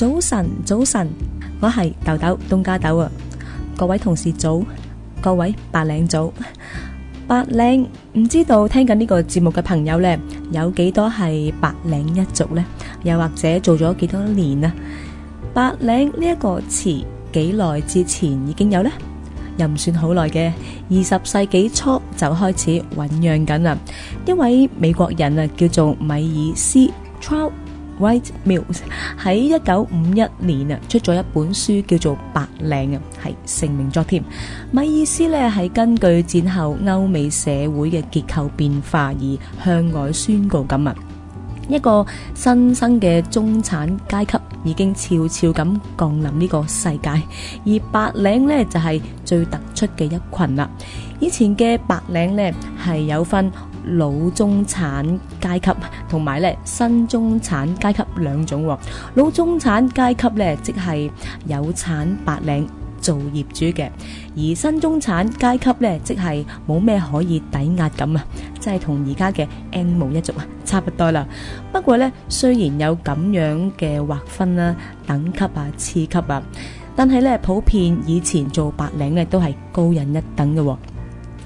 早晨，早晨，我係豆豆東加豆啊！各位同事早，各位白領早，白領唔知道聽緊呢個節目嘅朋友咧，有幾多係白領一族咧？又或者做咗幾多年啊？白領呢一個詞幾耐之前已經有咧？又唔算好耐嘅，二十世紀初就開始醞釀緊啦。一位美國人啊，叫做米爾斯。White Mills 喺一九五一年啊，出咗一本書叫做《白領》啊，係成名作添。米爾斯呢係根據戰後歐美社會嘅結構變化而向外宣告咁啊，一個新生嘅中產階級已經悄悄咁降臨呢個世界，而白領呢就係最突出嘅一群啦。以前嘅白領呢係有份。老中產階級同埋咧新中產階級兩種，老中產階級咧即係有產白領做業主嘅，而新中產階級咧即係冇咩可以抵押咁啊，即係同而家嘅 M1 一族啊差唔多啦。不過咧，雖然有咁樣嘅劃分啦、啊、等級啊、次級啊，但係咧普遍以前做白領咧都係高人一等嘅、啊。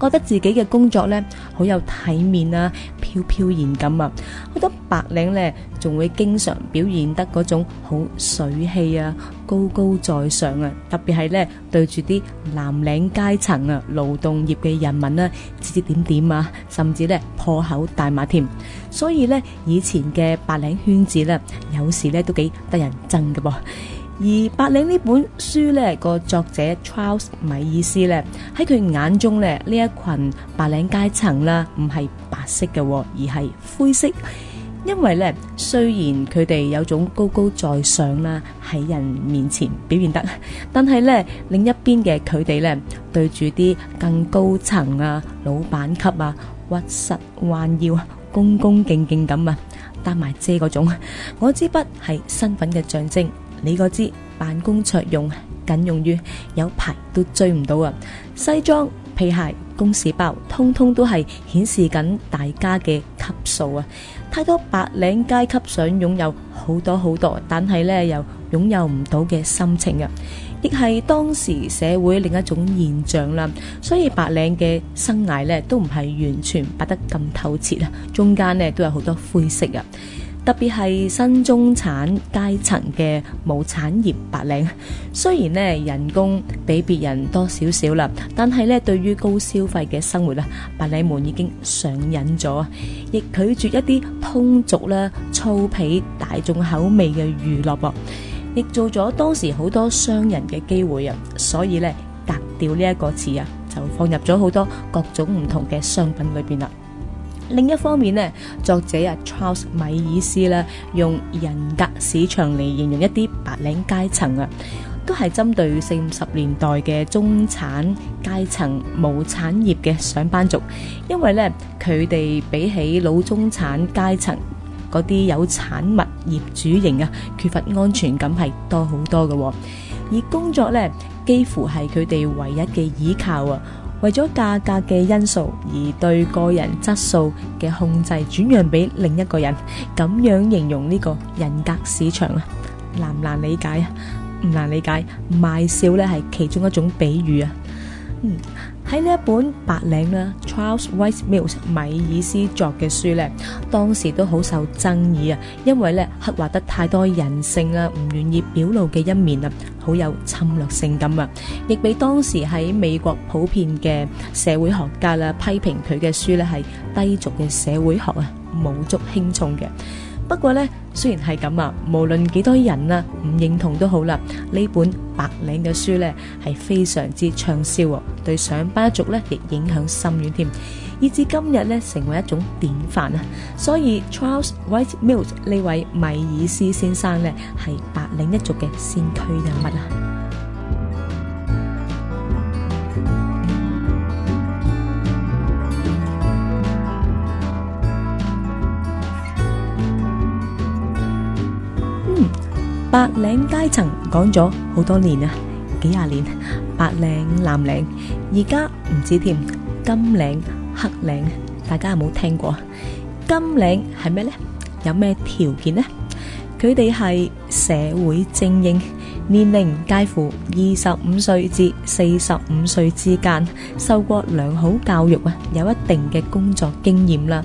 覺得自己嘅工作呢，好有體面啊，飄飄然咁啊，好多白領呢，仲會經常表現得嗰種好水氣啊，高高在上啊，特別係呢，對住啲藍領階層啊，勞動業嘅人民啊，指指點點啊，甚至呢，破口大罵添，所以呢，以前嘅白領圈子呢，有時呢，都幾得人憎㗎噃。而白領呢本書呢個作者 Charles 米爾斯呢，喺佢眼中呢，呢一群白領階層啦，唔係白色嘅，而係灰色。因為呢，雖然佢哋有種高高在上啦，喺人面前表現得，但係呢，另一邊嘅佢哋呢，對住啲更高層啊、老闆級啊，屈膝彎腰，恭恭敬敬咁啊，搭埋遮嗰種，我支筆係身份嘅象徵。你嗰支辦公桌用僅用於有排都追唔到啊！西裝、皮鞋、公事包，通通都係顯示緊大家嘅級數啊！太多白領階級想擁有好多好多，但係呢又擁有唔到嘅心情啊！亦係當時社會另一種現象啦。所以白領嘅生涯呢，都唔係完全白得咁透徹啊，中間呢都有好多灰色啊。特別係新中產階層嘅無產業白領，雖然咧人工比別人多少少啦，但係咧對於高消費嘅生活啊，白領們已經上癮咗，亦拒絕一啲通俗啦、粗鄙、大眾口味嘅娛樂噃，亦做咗當時好多商人嘅機會啊，所以咧格調呢一個詞啊，就放入咗好多各種唔同嘅商品裏邊啦。另一方面呢，作者啊，Charles 米爾斯啦，用人格市場嚟形容一啲白領階層，啊，都係針對四五十年代嘅中產階層、冇產業嘅上班族，因為呢，佢哋比起老中產階層嗰啲有產物業主型啊，缺乏安全感係多好多嘅，而工作呢，幾乎係佢哋唯一嘅依靠啊。為咗價格嘅因素而對個人質素嘅控制轉讓俾另一個人，咁樣形容呢個人格市場啊，難唔難理解啊？唔難理解，賣笑咧係其中一種比喻啊，嗯。喺呢一本白領咧，Charles Wright Mills 米爾斯作嘅書呢，當時都好受爭議啊，因為呢，刻畫得太多人性啊，唔願意表露嘅一面啊，好有侵略性咁啊，亦俾當時喺美國普遍嘅社會學家啦批評佢嘅書呢係低俗嘅社會學啊，無足輕重嘅。不過咧，雖然係咁啊，無論幾多人啊唔認同都好啦，呢本白領嘅書咧係非常之暢銷，對上班一族咧亦影響深遠添，以至今日咧成為一種典範啊！所以 Charles Wright Mills 呢位米爾斯先生咧係白領一族嘅先驅人物啊！白領階層講咗好多年啦，幾廿年，白領、藍領，而家唔止添，金領、黑領，大家有冇聽過啊？金領係咩呢？有咩條件呢？佢哋係社會精英，年齡介乎二十五歲至四十五歲之間，受過良好教育啊，有一定嘅工作經驗啦。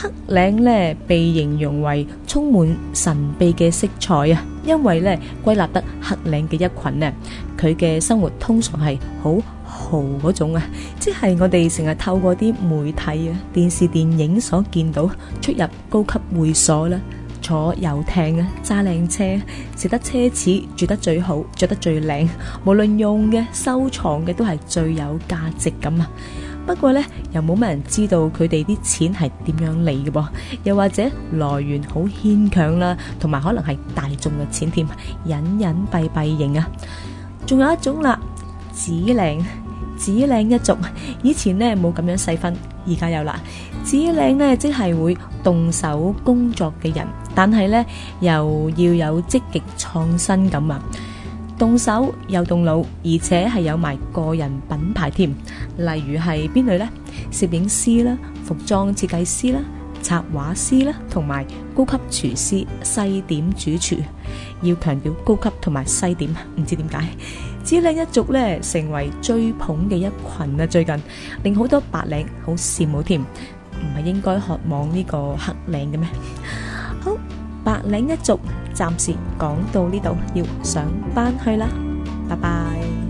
黑領呢被形容為充滿神秘嘅色彩啊，因為呢歸納得黑領嘅一群呢，佢嘅生活通常係好豪嗰種啊，即係我哋成日透過啲媒體啊、電視、電影所見到出入高級會所啦，坐遊艇啊，揸靚車，食得奢侈，住得最好，着得最靚，無論用嘅、收藏嘅都係最有價值咁啊！不過呢，又冇乜人知道佢哋啲錢係點樣嚟嘅噃，又或者來源好牽強啦，同埋可能係大眾嘅錢添，啊，隱隱蔽蔽型啊！仲有一種啦，啊，紫領紫領一族，以前呢冇咁樣細分，而家有啦。紫領呢即係會動手工作嘅人，但係呢又要有積極創新咁啊！動手又動腦，而且係有埋個人品牌添，例如係邊類呢？攝影師啦，服裝設計師啦，插畫師啦，同埋高級廚師、西點主廚。要強調高級同埋西點，唔知點解。白領一族咧成為追捧嘅一群啊！最近令好多白領好羨慕添，唔係應該渴望呢個黑領嘅咩？好，白領一族。暫時講到呢度，要上班去啦，拜拜。